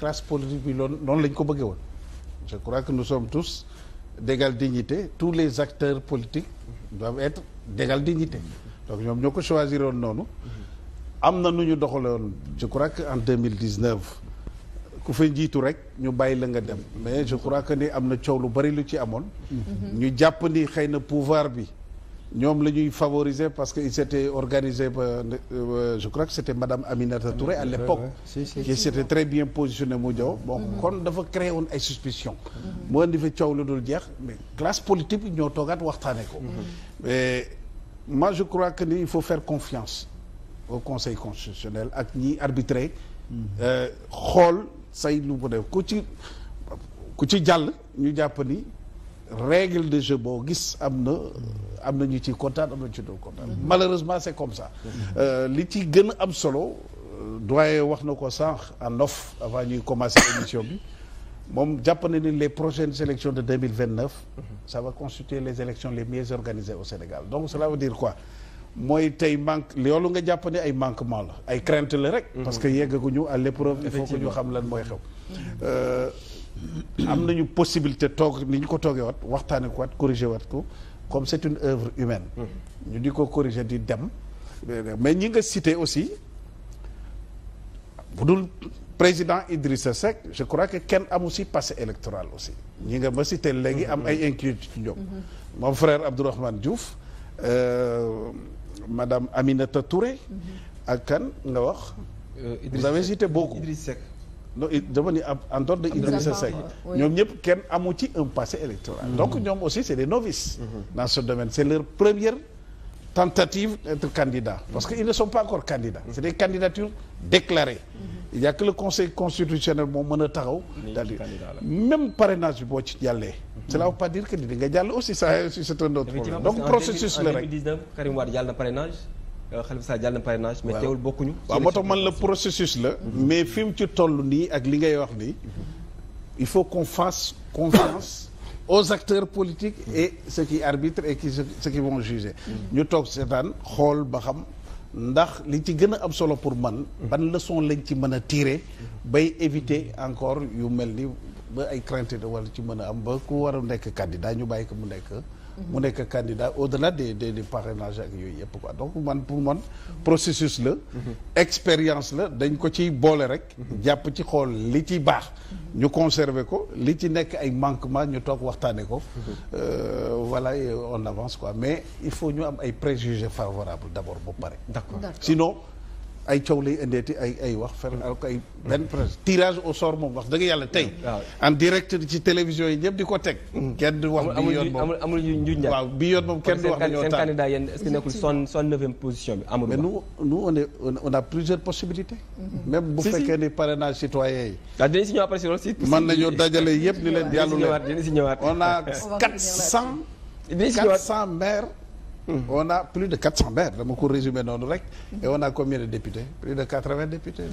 classe politique bi loolu noonu lañ ko bëggee woon je crois que nous sommes tous d'égale dignité tous les acteurs politiques doivent être d'égale dignité donc ñoom ñoo ko choisir woon noonu am na nu ñu doxaloon je crois que en deux mille dix ku fa njiitu rek ñu bàyyi la nga dem mais je crois que ni am na coow lu bari lu ci amoon mhm. ñu jàpp ni xëy na pouvoir bi ñoom la ñuy favoriser parce que ils s'étaient organisés euh, je crois que c'était madame Aminata Touré à l'époque si, si, qui si, s'était très bien positionnée mu jaw bon mm-hmm. kon dafa créé woon ay suspicion moo indi fi coow lu dul jeex mais classe politique ñoo toogaat waxtaane ko mais mm-hmm. moi je crois que ni il faut faire confiance au conseil constitutionnel ak ñiy arbitrer mm-hmm. euh, xool say lu mu def ku ci ku ci jàll ñu jàpp ni règle de jeu boo gis am na am na ñu ci kontaan am na ñu ci dul kontaan malheureusement c'est comme ça euh, li ci gën am solo euh, doyen wax na ko sànq en off avant ñuy commencer émission bi moom jàpp na ni les prochaines élections de 2029 ça va constituer les élections les mieux organisées au Sénégal donc cela veut dire quoi mooy tey manque loolu nga jàpp ay manquement la ay crante la rek parce que mhm. yeggaguñu à l'épreuve il faut que ñu xam lan mooy xew mhm. euh, am nañu possibilité toog ni ñu ko toogee wat waxtaanee ko wat corrigé wat ko comme c'est une œuvre humaine. Mm-hmm. ñu di ko corrigé di dem. mais ñi nga cité aussi bu dul président Idrissa Seck je crois que kenn amu si passé électoral aussi ñi nga ma cité léegi am ay inquiétudes ci ñoom. Mm-hmm. mon frère Abdourahmane Diouf euh, madame Aminata Touré. Mm-hmm. ak kan nga wax. Euh, Idrissa Seck booku avez non dama ni en dehors de Idrissa Seck ñoom ñëpp kenn amu ci un passé électoral mm-hmm. donc ñoom aussi c'est des novices mm-hmm. dans ce domaine c'est leur première tentative d'être candidat parce qu'ils ne sont pas encore candidats c'est des candidatures déclarées mm-hmm. il y a que le conseil constitutionnel moo mën a taxaw daal di même parrainage boo ci jàllee cela veut pas dire que nga jàll aussi ça c'est un autre problème processus la rek Euh, Khalifa Sall jàll na parrainage. mais teewul bokkuñu. waaw moo tax man la processus la. mais fi mu ci toll nii ak li ngay wax nii. il faut qu'on fasse confiance aux acteurs politiques et ceux qui arbitrent et qui qui vont juger. ñu toog seetaan xool ba xam. ndax li ci gën a am solo pour man. ban leçon lañ ci mën a tirer. bay éviter encore yu mel ni ba ay de wala ci mën a am ba ku war a nekk candidat ñu bàyyi ko mu nekk. mu nekk candidat au delà des des des parrainages ak yooyu yëpp ko donc man pour man processus la. expérience la dañ ko ciy boole rek. jàpp ci xool li ci baax. ñu conserver ko li ci nekk ay manquement ñu toog waxtaanee ko. wala euh, on avance quoi mais il faut ñu am ay préjugés favorables d'abord ba pare. d'accord ay coow lay indeeti ay wax fer ak ay benn presse tirage au sor moom wax dëgg yàlla tey en direct ci télévision yi ñëpp di ko teg mm. kenn du wax bi yoon moom amul njuñ njaay waaw bi yoon moom kenn du wax seen candidat yéen est-ce que nekkul son son neuvième position bi Amadou Ba mais a plusieurs possibilités mm-hmm. même bu fekkee ni parrainage citoyen yi waaw ah, dinañ si ñëwaat après si loolu dajale yëpp ni leen jàllu leen dinañ si ñëwaat on a quatre cent quatre cent maires Hmm. on a plus de quatre cent maires dama ko résumer noonu rek. et on a combien de députés plus de quatre vingt députés.